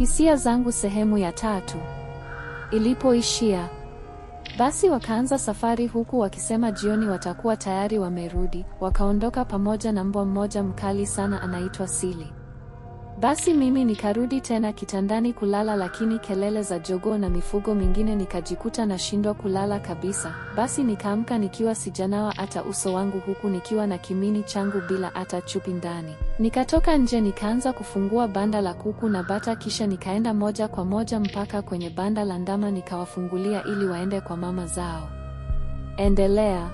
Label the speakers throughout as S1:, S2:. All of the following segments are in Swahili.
S1: Hisia zangu sehemu ya tatu. Ilipoishia basi, wakaanza safari huku wakisema jioni watakuwa tayari wamerudi. Wakaondoka pamoja na mbwa mmoja mkali sana anaitwa Sili. Basi mimi nikarudi tena kitandani kulala, lakini kelele za jogoo na mifugo mingine nikajikuta nashindwa kulala kabisa. Basi nikaamka nikiwa sijanawa hata uso wangu, huku nikiwa na kimini changu bila hata chupi ndani. Nikatoka nje nikaanza kufungua banda la kuku na bata, kisha nikaenda moja kwa moja mpaka kwenye banda la ndama nikawafungulia ili waende kwa mama zao. Endelea.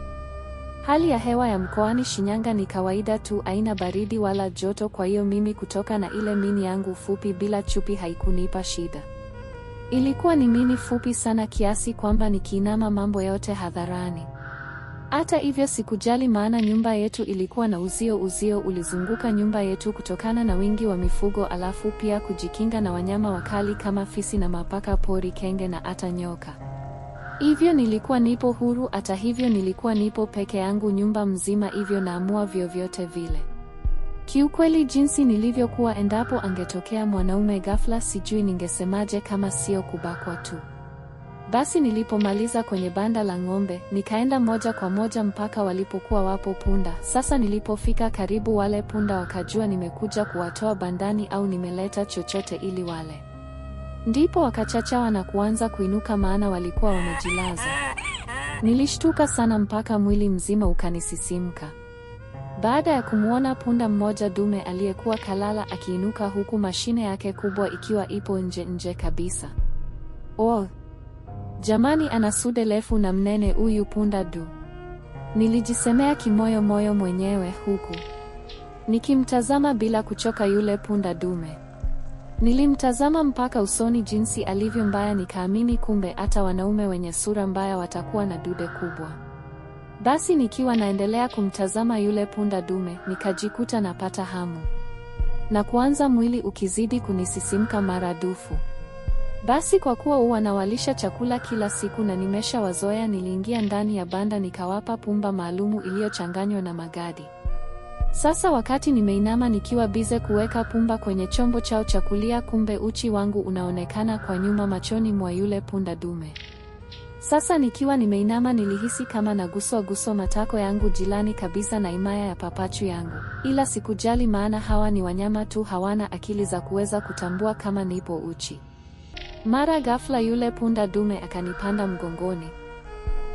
S1: Hali ya hewa ya mkoani Shinyanga ni kawaida tu, aina baridi wala joto, kwa hiyo mimi kutoka na ile mini yangu fupi bila chupi haikunipa shida. Ilikuwa ni mini fupi sana kiasi kwamba nikiinama mambo yote hadharani. Hata hivyo sikujali, maana nyumba yetu ilikuwa na uzio, uzio ulizunguka nyumba yetu kutokana na wingi wa mifugo, alafu pia kujikinga na wanyama wakali kama fisi na mapaka pori, kenge na hata nyoka. Hivyo nilikuwa nipo huru. Hata hivyo nilikuwa nipo peke yangu nyumba mzima, hivyo naamua vyovyote vile. Kiukweli jinsi nilivyokuwa, endapo angetokea mwanaume ghafla, sijui ningesemaje kama sio kubakwa tu. Basi nilipomaliza kwenye banda la ng'ombe, nikaenda moja kwa moja mpaka walipokuwa wapo punda. Sasa nilipofika karibu, wale punda wakajua nimekuja kuwatoa bandani au nimeleta chochote ili wale. Ndipo wakachachawa na kuanza kuinuka, maana walikuwa wamejilaza. Nilishtuka sana mpaka mwili mzima ukanisisimka. Baada ya kumwona punda mmoja dume aliyekuwa kalala akiinuka huku mashine yake kubwa ikiwa ipo nje nje kabisa. Oh. Jamani ana sude refu na mnene huyu punda du. Nilijisemea kimoyo moyo mwenyewe huku nikimtazama bila kuchoka yule punda dume. Nilimtazama mpaka usoni jinsi alivyo mbaya, nikaamini kumbe hata wanaume wenye sura mbaya watakuwa na dude kubwa. Basi nikiwa naendelea kumtazama yule punda dume, nikajikuta napata hamu na kuanza mwili ukizidi kunisisimka maradufu. Basi kwa kuwa huwa nawalisha chakula kila siku na nimesha wazoea, niliingia ndani ya banda nikawapa pumba maalumu iliyochanganywa na magadi. Sasa wakati nimeinama nikiwa bize kuweka pumba kwenye chombo chao cha kulia, kumbe uchi wangu unaonekana kwa nyuma machoni mwa yule punda dume. Sasa nikiwa nimeinama nilihisi kama naguswa guso matako yangu jilani kabisa na imaya ya papachu yangu, ila sikujali, maana hawa ni wanyama tu, hawana akili za kuweza kutambua kama nipo uchi. Mara ghafla yule punda dume akanipanda mgongoni.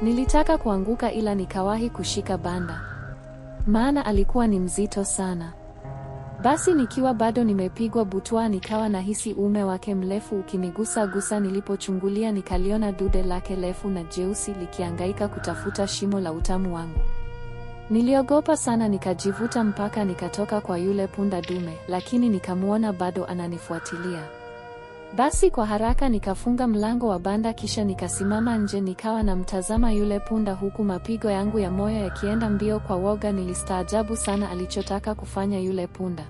S1: Nilitaka kuanguka, ila nikawahi kushika banda maana alikuwa ni mzito sana. Basi nikiwa bado nimepigwa butwaa, nikawa nahisi uume wake mrefu ukinigusa gusa. Nilipochungulia nikaliona dude lake refu na jeusi likiangaika kutafuta shimo la utamu wangu. Niliogopa sana, nikajivuta mpaka nikatoka kwa yule punda dume, lakini nikamwona bado ananifuatilia. Basi kwa haraka nikafunga mlango wa banda kisha nikasimama nje nikawa namtazama yule punda huku mapigo yangu ya moyo yakienda mbio kwa woga nilistaajabu sana alichotaka kufanya yule punda.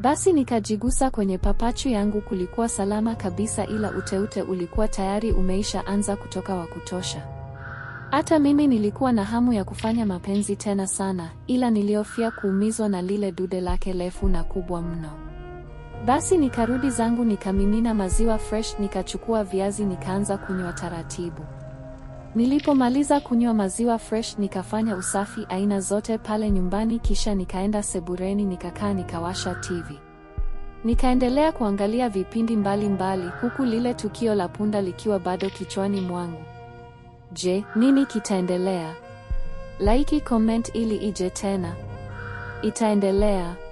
S1: Basi nikajigusa kwenye papachu yangu kulikuwa salama kabisa ila uteute ulikuwa tayari umeisha anza kutoka wa kutosha. Hata mimi nilikuwa na hamu ya kufanya mapenzi tena sana ila niliofia kuumizwa na lile dude lake refu na kubwa mno. Basi nikarudi zangu nikamimina maziwa fresh, nikachukua viazi nikaanza kunywa taratibu. Nilipomaliza kunywa maziwa fresh nikafanya usafi aina zote pale nyumbani, kisha nikaenda sebureni nikakaa nikawasha TV. Nikaendelea kuangalia vipindi mbalimbali mbali, huku lile tukio la punda likiwa bado kichwani mwangu. Je, nini kitaendelea? Like, comment ili ije tena. Itaendelea.